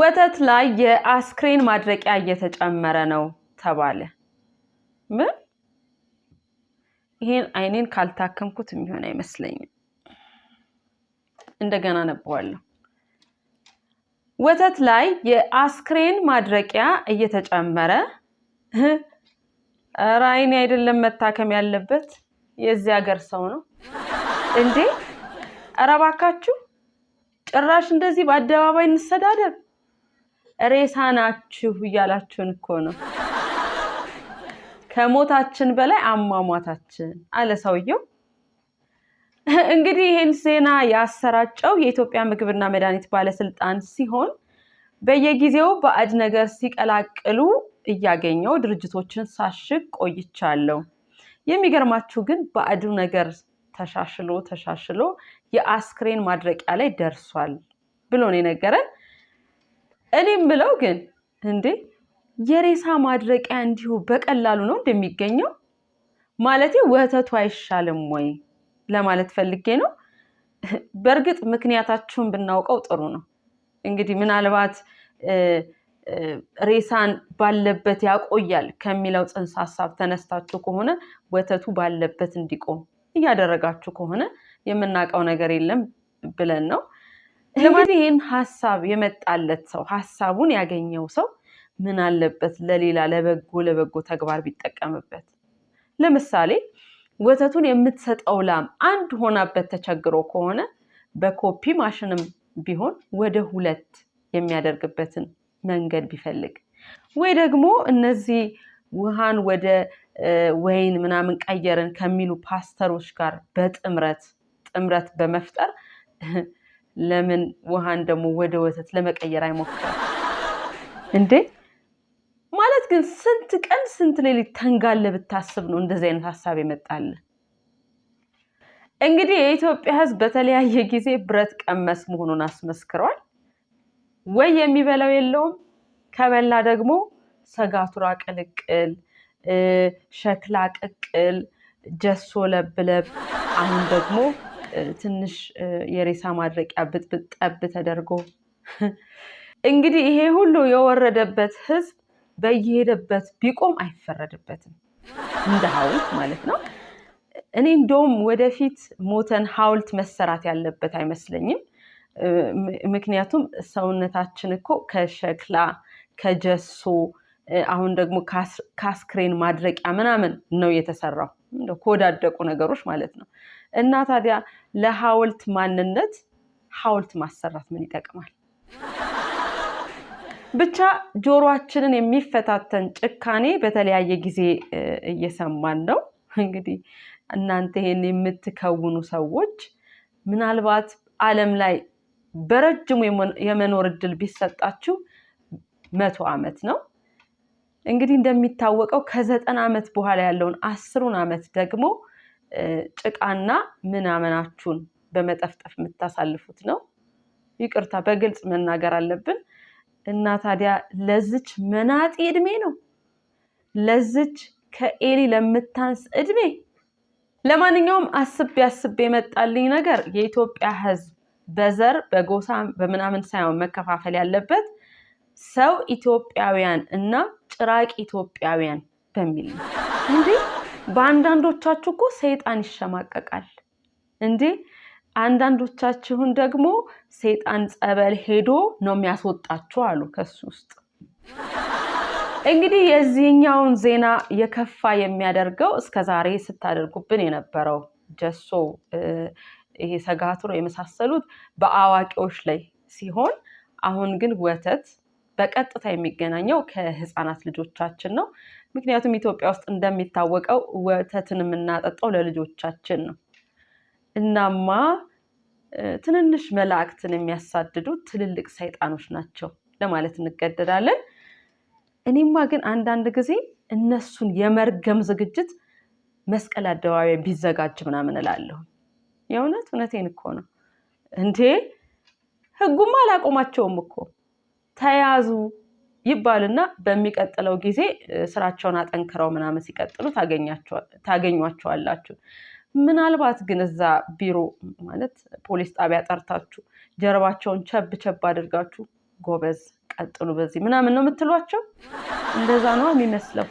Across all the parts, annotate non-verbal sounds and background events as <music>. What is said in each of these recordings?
ወተት ላይ የአስክሬን ማድረቂያ እየተጨመረ ነው ተባለ። ምን? ይሄን አይኔን ካልታከምኩት የሚሆን አይመስለኝም። እንደገና ነበዋለሁ። ወተት ላይ የአስክሬን ማድረቂያ እየተጨመረ <laughs> ኧረ አይኔ አይደለም መታከም ያለበት የዚህ ሀገር ሰው ነው እንዴ! ኧረ እባካችሁ ጭራሽ እንደዚህ በአደባባይ እንሰዳደብ። ሬሳ ናችሁ እያላችሁን እኮ ነው። ከሞታችን በላይ አሟሟታችን አለ ሰውየው። እንግዲህ ይህን ዜና ያሰራጨው የኢትዮጵያ ምግብና መድኃኒት ባለስልጣን ሲሆን በየጊዜው ባዕድ ነገር ሲቀላቅሉ እያገኘው ድርጅቶችን ሳሽግ ቆይቻለሁ። የሚገርማችሁ ግን ባዕዱ ነገር ተሻሽሎ ተሻሽሎ የአስክሬን ማድረቂያ ላይ ደርሷል ብሎ ነው የነገረን። እኔም ብለው ግን እንዴ የሬሳ ማድረቂያ እንዲሁ በቀላሉ ነው እንደሚገኘው ማለቴ ወተቱ አይሻልም ወይ ለማለት ፈልጌ ነው። በእርግጥ ምክንያታችሁን ብናውቀው ጥሩ ነው። እንግዲህ ምናልባት ሬሳን ባለበት ያቆያል ከሚለው ጽንሰ ሀሳብ ተነስታችሁ ከሆነ ወተቱ ባለበት እንዲቆም እያደረጋችሁ ከሆነ የምናውቀው ነገር የለም ብለን ነው። ለማንኛውም ይህን ሀሳብ የመጣለት ሰው ሀሳቡን ያገኘው ሰው ምን አለበት ለሌላ ለበጎ ለበጎ ተግባር ቢጠቀምበት። ለምሳሌ ወተቱን የምትሰጠው ላም አንድ ሆናበት ተቸግሮ ከሆነ በኮፒ ማሽንም ቢሆን ወደ ሁለት የሚያደርግበትን መንገድ ቢፈልግ ወይ ደግሞ እነዚህ ውሃን ወደ ወይን ምናምን ቀየርን ከሚሉ ፓስተሮች ጋር በጥምረት ጥምረት በመፍጠር ለምን ውሃን ደግሞ ወደ ወተት ለመቀየር አይሞክርም እንዴ? ማለት ግን ስንት ቀን ስንት ሌሊት ተንጋለ ብታስብ ነው እንደዚህ አይነት ሀሳብ የመጣለ? እንግዲህ የኢትዮጵያ ሕዝብ በተለያየ ጊዜ ብረት ቀመስ መሆኑን አስመስክሯል። ወይ የሚበላው የለውም፣ ከበላ ደግሞ ሰጋቱራ ቅልቅል፣ ሸክላ ቅቅል፣ ጀሶ ለብለብ፣ አሁን ደግሞ ትንሽ የሬሳ ማድረቂያ ብጥብጥ ጠብ ተደርጎ <laughs> እንግዲህ ይሄ ሁሉ የወረደበት ህዝብ በየሄደበት ቢቆም አይፈረድበትም፣ እንደ ሐውልት ማለት ነው። እኔ እንደውም ወደፊት ሞተን ሐውልት መሰራት ያለበት አይመስለኝም። ምክንያቱም ሰውነታችን እኮ ከሸክላ ከጀሶ አሁን ደግሞ ካስክሬን ማድረቂያ ምናምን ነው የተሰራው። ከወዳደቁ ነገሮች ማለት ነው። እና ታዲያ ለሐውልት ማንነት ሐውልት ማሰራት ምን ይጠቅማል? ብቻ ጆሮአችንን የሚፈታተን ጭካኔ በተለያየ ጊዜ እየሰማን ነው። እንግዲህ እናንተ ይህን የምትከውኑ ሰዎች ምናልባት ዓለም ላይ በረጅሙ የመኖር እድል ቢሰጣችሁ መቶ ዓመት ነው። እንግዲህ እንደሚታወቀው ከዘጠና ዓመት በኋላ ያለውን አስሩን ዓመት ደግሞ ጭቃና ምናምናችሁን በመጠፍጠፍ የምታሳልፉት ነው። ይቅርታ በግልጽ መናገር አለብን። እና ታዲያ ለዝች መናጢ እድሜ ነው ለዝች ከኤሊ ለምታንስ እድሜ። ለማንኛውም አስቤ አስቤ የመጣልኝ ነገር የኢትዮጵያ ሕዝብ በዘር በጎሳ በምናምን ሳይሆን መከፋፈል ያለበት ሰው ኢትዮጵያውያን እና ጭራቅ ኢትዮጵያውያን በሚል ነው እንዲህ በአንዳንዶቻችሁ እኮ ሰይጣን ይሸማቀቃል እንዴ! አንዳንዶቻችሁን ደግሞ ሰይጣን ጸበል ሄዶ ነው የሚያስወጣችሁ አሉ። ከሱ ውስጥ እንግዲህ የዚህኛውን ዜና የከፋ የሚያደርገው እስከ ዛሬ ስታደርጉብን የነበረው ጀሶ፣ ይሄ ሰጋቱር የመሳሰሉት በአዋቂዎች ላይ ሲሆን አሁን ግን ወተት በቀጥታ የሚገናኘው ከህፃናት ልጆቻችን ነው። ምክንያቱም ኢትዮጵያ ውስጥ እንደሚታወቀው ወተትን የምናጠጣው ለልጆቻችን ነው። እናማ ትንንሽ መላእክትን የሚያሳድዱ ትልልቅ ሰይጣኖች ናቸው ለማለት እንገደዳለን። እኔማ ግን አንዳንድ ጊዜ እነሱን የመርገም ዝግጅት መስቀል አደባባይ ቢዘጋጅ ምናምን እላለሁ። የእውነት እውነቴን እኮ ነው እንዴ! ህጉማ አላቆማቸውም እኮ ተያዙ ይባልና በሚቀጥለው ጊዜ ስራቸውን አጠንክረው ምናምን ሲቀጥሉ ታገኟቸዋላችሁ። ምናልባት ግን እዛ ቢሮ ማለት ፖሊስ ጣቢያ ጠርታችሁ ጀርባቸውን ቸብ ቸብ አድርጋችሁ ጎበዝ ቀጥሉ በዚህ ምናምን ነው የምትሏቸው። እንደዛ ነው የሚመስለው።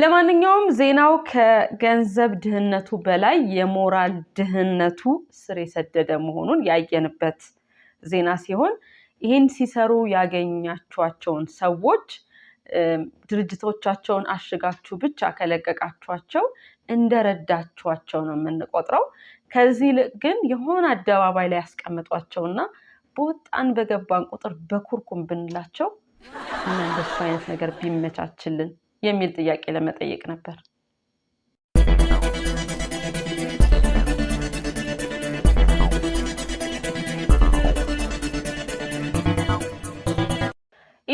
ለማንኛውም ዜናው ከገንዘብ ድህነቱ በላይ የሞራል ድህነቱ ስር የሰደደ መሆኑን ያየንበት ዜና ሲሆን ይህን ሲሰሩ ያገኛችኋቸውን ሰዎች ድርጅቶቻቸውን አሽጋችሁ ብቻ ከለቀቃችኋቸው እንደረዳችኋቸው ነው የምንቆጥረው። ከዚህ ግን የሆነ አደባባይ ላይ ያስቀምጧቸውና በወጣን በገባን ቁጥር በኩርኩም ብንላቸው እና እንደሱ አይነት ነገር ቢመቻችልን የሚል ጥያቄ ለመጠየቅ ነበር።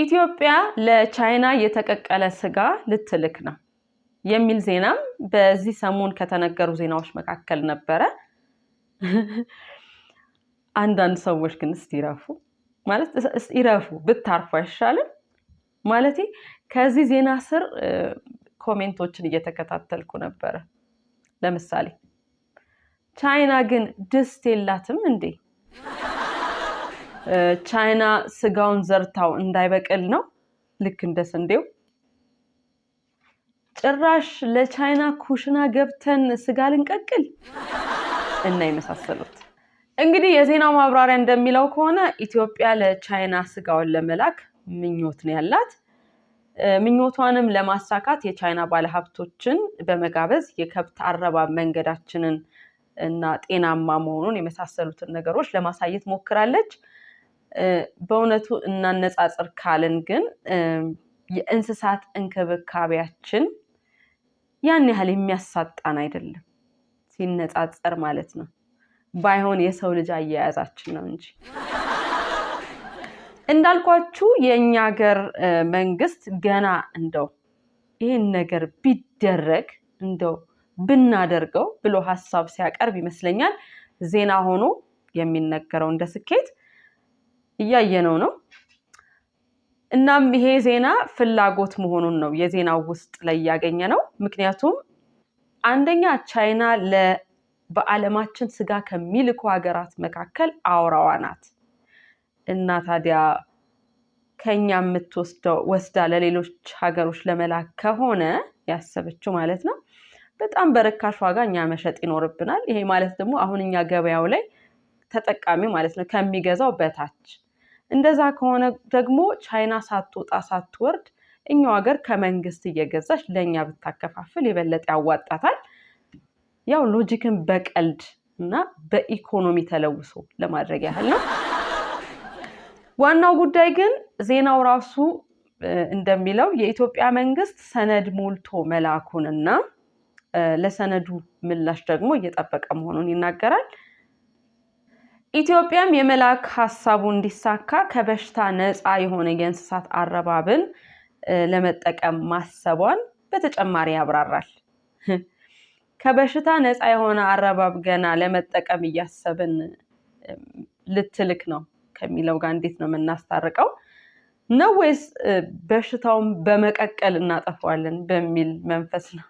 ኢትዮጵያ ለቻይና የተቀቀለ ስጋ ልትልክ ነው የሚል ዜናም በዚህ ሰሞን ከተነገሩ ዜናዎች መካከል ነበረ። <laughs> አንዳንድ ሰዎች ግን እስቲረፉ ማለት ይረፉ ብታርፉ አይሻልም? ማለቴ ከዚህ ዜና ስር ኮሜንቶችን እየተከታተልኩ ነበረ። ለምሳሌ ቻይና ግን ድስት የላትም እንዴ? ቻይና ስጋውን ዘርታው እንዳይበቅል ነው። ልክ እንደ ስንዴው ጭራሽ ለቻይና ኩሽና ገብተን ስጋ ልንቀቅል እና የመሳሰሉት። እንግዲህ የዜናው ማብራሪያ እንደሚለው ከሆነ ኢትዮጵያ ለቻይና ስጋውን ለመላክ ምኞት ነው ያላት። ምኞቷንም ለማሳካት የቻይና ባለሀብቶችን በመጋበዝ የከብት አረባ መንገዳችንን እና ጤናማ መሆኑን የመሳሰሉትን ነገሮች ለማሳየት ሞክራለች። በእውነቱ እናነጻጽር ካልን ግን የእንስሳት እንክብካቤያችን ያን ያህል የሚያሳጣን አይደለም፣ ሲነጻጸር ማለት ነው። ባይሆን የሰው ልጅ አያያዛችን ነው እንጂ እንዳልኳችሁ የእኛ ሀገር መንግስት ገና እንደው ይህን ነገር ቢደረግ እንደው ብናደርገው ብሎ ሀሳብ ሲያቀርብ ይመስለኛል ዜና ሆኖ የሚነገረው እንደ ስኬት እያየነው ነው። እናም ይሄ ዜና ፍላጎት መሆኑን ነው የዜናው ውስጥ ላይ እያገኘ ነው። ምክንያቱም አንደኛ ቻይና በዓለማችን ስጋ ከሚልኩ ሀገራት መካከል አውራዋ ናት እና ታዲያ ከኛ የምትወስደው ወስዳ ለሌሎች ሀገሮች ለመላክ ከሆነ ያሰበችው ማለት ነው በጣም በርካሽ ዋጋ እኛ መሸጥ ይኖርብናል። ይሄ ማለት ደግሞ አሁን እኛ ገበያው ላይ ተጠቃሚ ማለት ነው ከሚገዛው በታች እንደዛ ከሆነ ደግሞ ቻይና ሳትወጣ ሳትወርድ እኛው ሀገር ከመንግስት እየገዛች ለእኛ ብታከፋፍል የበለጠ ያዋጣታል። ያው ሎጂክን በቀልድ እና በኢኮኖሚ ተለውሶ ለማድረግ ያህል ነው። ዋናው ጉዳይ ግን ዜናው ራሱ እንደሚለው የኢትዮጵያ መንግስት ሰነድ ሞልቶ መላኩን እና ለሰነዱ ምላሽ ደግሞ እየጠበቀ መሆኑን ይናገራል። ኢትዮጵያም የመላክ ሀሳቡ እንዲሳካ ከበሽታ ነፃ የሆነ የእንስሳት አረባብን ለመጠቀም ማሰቧን በተጨማሪ ያብራራል። <laughs> ከበሽታ ነፃ የሆነ አረባብ ገና ለመጠቀም እያሰብን ልትልክ ነው ከሚለው ጋር እንዴት ነው የምናስታርቀው? ነው ወይስ በሽታውን በመቀቀል እናጠፋዋለን በሚል መንፈስ ነው?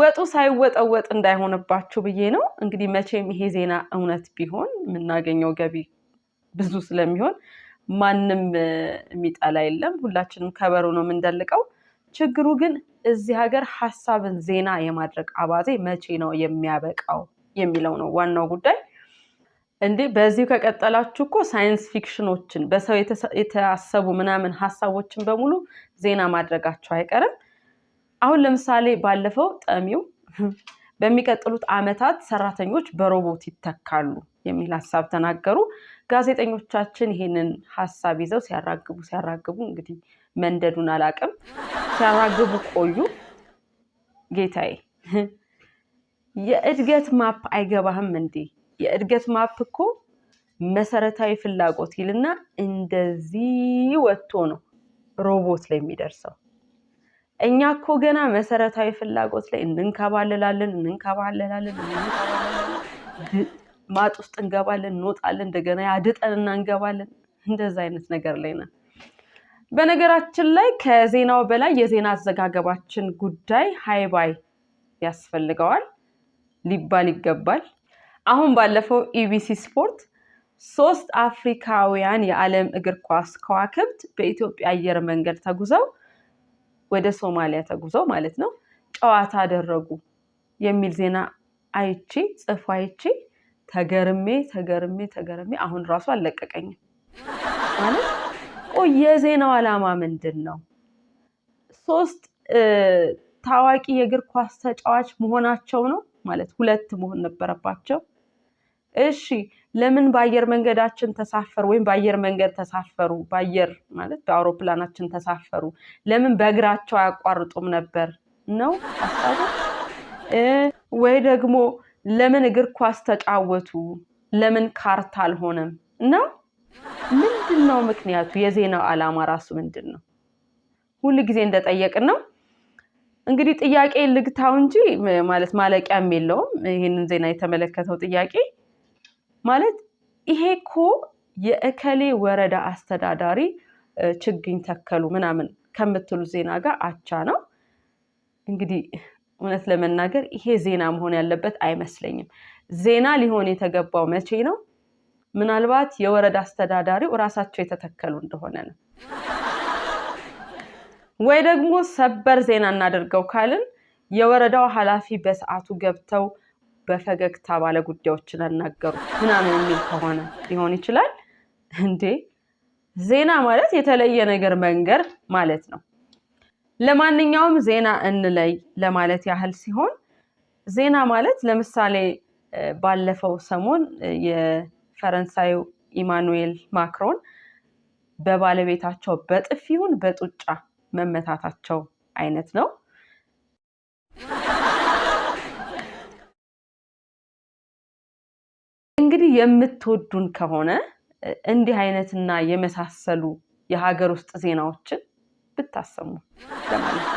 ወጡ ሳይወጠወጥ እንዳይሆንባችሁ ብዬ ነው። እንግዲህ መቼም ይሄ ዜና እውነት ቢሆን የምናገኘው ገቢ ብዙ ስለሚሆን ማንም የሚጠላ የለም። ሁላችንም ከበሮ ነው የምንደልቀው። ችግሩ ግን እዚህ ሀገር ሀሳብን ዜና የማድረግ አባዜ መቼ ነው የሚያበቃው የሚለው ነው ዋናው ጉዳይ። እንዴ በዚሁ ከቀጠላችሁ እኮ ሳይንስ ፊክሽኖችን በሰው የታሰቡ ምናምን ሀሳቦችን በሙሉ ዜና ማድረጋቸው አይቀርም። አሁን ለምሳሌ ባለፈው ጠሚው በሚቀጥሉት ዓመታት ሰራተኞች በሮቦት ይተካሉ የሚል ሀሳብ ተናገሩ። ጋዜጠኞቻችን ይሄንን ሀሳብ ይዘው ሲያራግቡ ሲያራግቡ እንግዲህ መንደዱን አላቅም ሲያራግቡ ቆዩ። ጌታዬ የእድገት ማፕ አይገባህም እንዴ? የእድገት ማፕ እኮ መሰረታዊ ፍላጎት ይልና እንደዚህ ወጥቶ ነው ሮቦት ላይ የሚደርሰው። እኛ እኮ ገና መሰረታዊ ፍላጎት ላይ እንንከባለላለን እንንከባለላለን ማጥ ውስጥ እንገባለን እንወጣለን፣ እንደገና ያድጠንና እንገባለን። እንደዛ አይነት ነገር ላይ ነን። በነገራችን ላይ ከዜናው በላይ የዜና አዘጋገባችን ጉዳይ ሀይባይ ያስፈልገዋል ሊባል ይገባል። አሁን ባለፈው ኢቢሲ ስፖርት ሶስት አፍሪካውያን የዓለም እግር ኳስ ከዋክብት በኢትዮጵያ አየር መንገድ ተጉዘው ወደ ሶማሊያ ተጉዘው ማለት ነው ጨዋታ አደረጉ የሚል ዜና አይቺ ጽፎ አይቺ ተገርሜ ተገርሜ ተገርሜ አሁን ራሱ አልለቀቀኝም። ማለት ቆይ የዜናው ዓላማ ምንድን ነው? ሶስት ታዋቂ የእግር ኳስ ተጫዋች መሆናቸው ነው ማለት ሁለት መሆን ነበረባቸው። እሺ ለምን በአየር መንገዳችን ተሳፈሩ ወይም በአየር መንገድ ተሳፈሩ፣ በአየር ማለት በአውሮፕላናችን ተሳፈሩ፣ ለምን በእግራቸው አያቋርጡም ነበር ነው ወይ ደግሞ ለምን እግር ኳስ ተጫወቱ፣ ለምን ካርታ አልሆነም ነው። ምንድን ነው ምክንያቱ? የዜናው ዓላማ ራሱ ምንድን ነው? ሁል ጊዜ እንደጠየቅን ነው እንግዲህ ጥያቄ ልግታው እንጂ ማለት ማለቂያም የለውም። ይህንን ዜና የተመለከተው ጥያቄ ማለት ይሄ እኮ የእከሌ ወረዳ አስተዳዳሪ ችግኝ ተከሉ ምናምን ከምትሉ ዜና ጋር አቻ ነው። እንግዲህ እውነት ለመናገር ይሄ ዜና መሆን ያለበት አይመስለኝም። ዜና ሊሆን የተገባው መቼ ነው? ምናልባት የወረዳ አስተዳዳሪው እራሳቸው የተተከሉ እንደሆነ ነው። ወይ ደግሞ ሰበር ዜና እናደርገው ካልን የወረዳው ኃላፊ በሰዓቱ ገብተው በፈገግታ ባለ ጉዳዮችን አናገሩ ምናምን የሚል ከሆነ ሊሆን ይችላል። እንዴ ዜና ማለት የተለየ ነገር መንገር ማለት ነው። ለማንኛውም ዜና እንለይ ለማለት ያህል ሲሆን ዜና ማለት ለምሳሌ ባለፈው ሰሞን የፈረንሳዩ ኢማኑኤል ማክሮን በባለቤታቸው በጥፊ በጡጫ መመታታቸው አይነት ነው። እንግዲህ የምትወዱን ከሆነ እንዲህ አይነትና የመሳሰሉ የሀገር ውስጥ ዜናዎችን ብታሰሙ ለማለት ነው።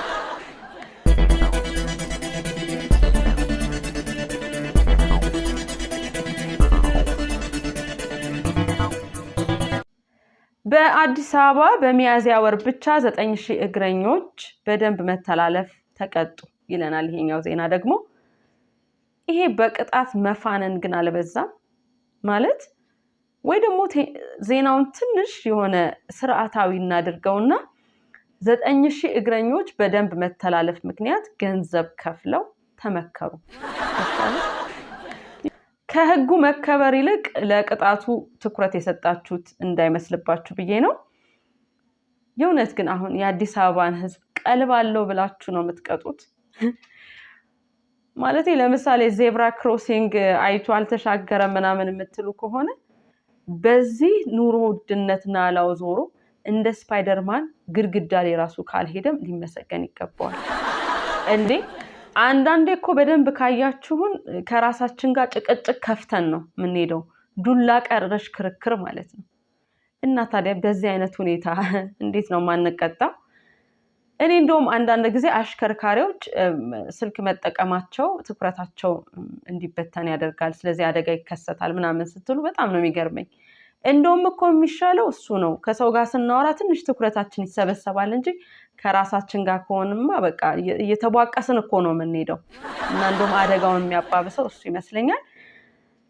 በአዲስ አበባ በሚያዝያ ወር ብቻ ዘጠኝ ሺህ እግረኞች በደንብ መተላለፍ ተቀጡ ይለናል ይሄኛው ዜና ደግሞ። ይሄ በቅጣት መፋነን ግን አልበዛም? ማለት ወይ ደግሞ ዜናውን ትንሽ የሆነ ስርዓታዊ እናድርገውና ዘጠኝ ሺህ እግረኞች በደንብ መተላለፍ ምክንያት ገንዘብ ከፍለው ተመከሩ። <laughs> ከህጉ መከበር ይልቅ ለቅጣቱ ትኩረት የሰጣችሁት እንዳይመስልባችሁ ብዬ ነው። የእውነት ግን አሁን የአዲስ አበባን ህዝብ ቀልባለው ብላችሁ ነው የምትቀጡት? ማለት ለምሳሌ ዜብራ ክሮሲንግ አይቶ አልተሻገረም ምናምን የምትሉ ከሆነ በዚህ ኑሮ ውድነት ናላው ዞሮ እንደ ስፓይደርማን ግድግዳ ላይ ራሱ ካልሄደም ሊመሰገን ይገባዋል። እንዴ አንዳንዴ እኮ በደንብ ካያችሁን ከራሳችን ጋር ጭቅጭቅ ከፍተን ነው የምንሄደው፣ ዱላ ቀረሽ ክርክር ማለት ነው። እና ታዲያ በዚህ አይነት ሁኔታ እንዴት ነው ማንቀጣው? እኔ እንደውም አንዳንድ ጊዜ አሽከርካሪዎች ስልክ መጠቀማቸው ትኩረታቸው እንዲበተን ያደርጋል፣ ስለዚህ አደጋ ይከሰታል ምናምን ስትሉ በጣም ነው የሚገርመኝ። እንደውም እኮ የሚሻለው እሱ ነው። ከሰው ጋር ስናወራ ትንሽ ትኩረታችን ይሰበሰባል እንጂ ከራሳችን ጋር ከሆንማ በቃ እየተቧቀስን እኮ ነው የምንሄደው። እና እንደውም አደጋውን የሚያባብሰው እሱ ይመስለኛል።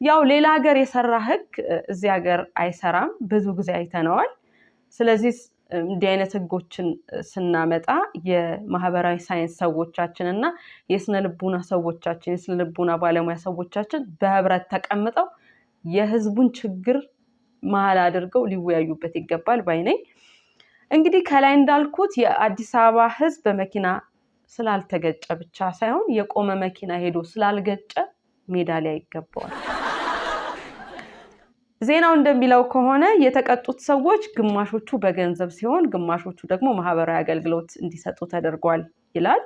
ያው ሌላ ሀገር የሰራ ህግ እዚህ ሀገር አይሰራም፣ ብዙ ጊዜ አይተነዋል። ስለዚህ እንዲህ አይነት ህጎችን ስናመጣ የማህበራዊ ሳይንስ ሰዎቻችን እና የስነ ልቡና ሰዎቻችን የስነ ልቡና ባለሙያ ሰዎቻችን በህብረት ተቀምጠው የህዝቡን ችግር መሀል አድርገው ሊወያዩበት ይገባል ባይ ነኝ። እንግዲህ ከላይ እንዳልኩት የአዲስ አበባ ህዝብ በመኪና ስላልተገጨ ብቻ ሳይሆን የቆመ መኪና ሄዶ ስላልገጨ ሜዳሊያ ይገባዋል። ዜናው እንደሚለው ከሆነ የተቀጡት ሰዎች ግማሾቹ በገንዘብ ሲሆን ግማሾቹ ደግሞ ማህበራዊ አገልግሎት እንዲሰጡ ተደርጓል ይላል።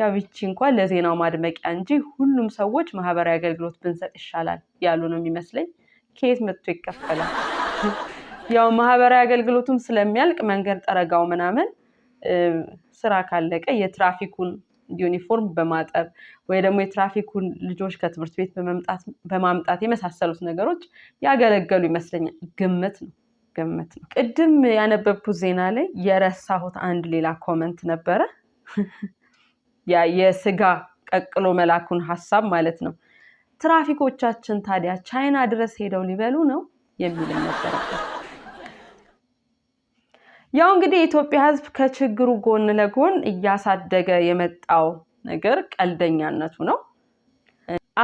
ያው ይቺ እንኳን ለዜናው ማድመቂያ እንጂ ሁሉም ሰዎች ማህበራዊ አገልግሎት ብንሰጥ ይሻላል ያሉ ነው የሚመስለኝ። ከየት መጥቶ ይከፈላል? ያው ማህበራዊ አገልግሎቱም ስለሚያልቅ መንገድ ጠረጋው ምናምን ስራ ካለቀ የትራፊኩን ዩኒፎርም በማጠብ ወይ ደግሞ የትራፊኩን ልጆች ከትምህርት ቤት በማምጣት የመሳሰሉት ነገሮች ያገለገሉ ይመስለኛል። ግምት ነው ግምት ነው። ቅድም ያነበብኩት ዜና ላይ የረሳሁት አንድ ሌላ ኮመንት ነበረ። የስጋ ቀቅሎ መላኩን ሀሳብ ማለት ነው። ትራፊኮቻችን ታዲያ ቻይና ድረስ ሄደው ሊበሉ ነው የሚልም ነበረበት። ያው እንግዲህ የኢትዮጵያ ሕዝብ ከችግሩ ጎን ለጎን እያሳደገ የመጣው ነገር ቀልደኛነቱ ነው።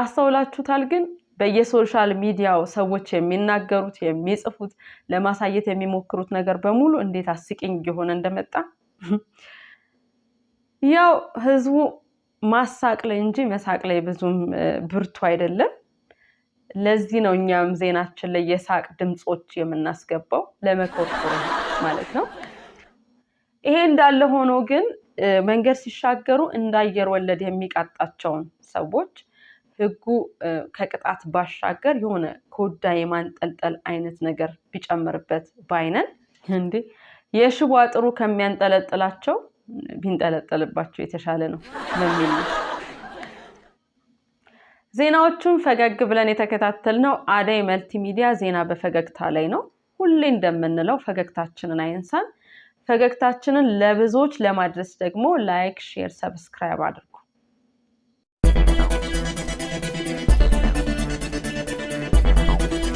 አስተውላችሁታል? ግን በየሶሻል ሚዲያው ሰዎች የሚናገሩት የሚጽፉት፣ ለማሳየት የሚሞክሩት ነገር በሙሉ እንዴት አስቂኝ እየሆነ እንደመጣ ያው ህዝቡ ማሳቅ ላይ እንጂ መሳቅ ላይ ብዙም ብርቱ አይደለም። ለዚህ ነው እኛም ዜናችን ላይ የሳቅ ድምፆች የምናስገባው ለመኮርኮር ማለት ነው። ይሄ እንዳለ ሆኖ ግን መንገድ ሲሻገሩ እንደ አየር ወለድ የሚቃጣቸውን ሰዎች ህጉ ከቅጣት ባሻገር የሆነ ከወዳ የማንጠልጠል አይነት ነገር ቢጨምርበት ባይነን። እንዴ የሽቦ አጥሩ ከሚያንጠለጥላቸው ቢንጠለጠልባቸው የተሻለ ነው በሚል ነው። ዜናዎቹን ፈገግ ብለን የተከታተልነው አደይ መልቲሚዲያ ዜና በፈገግታ ላይ ነው። ሁሌ እንደምንለው ፈገግታችንን አይንሳን። ፈገግታችንን ለብዙዎች ለማድረስ ደግሞ ላይክ፣ ሼር፣ ሰብስክራይብ አድርጉ።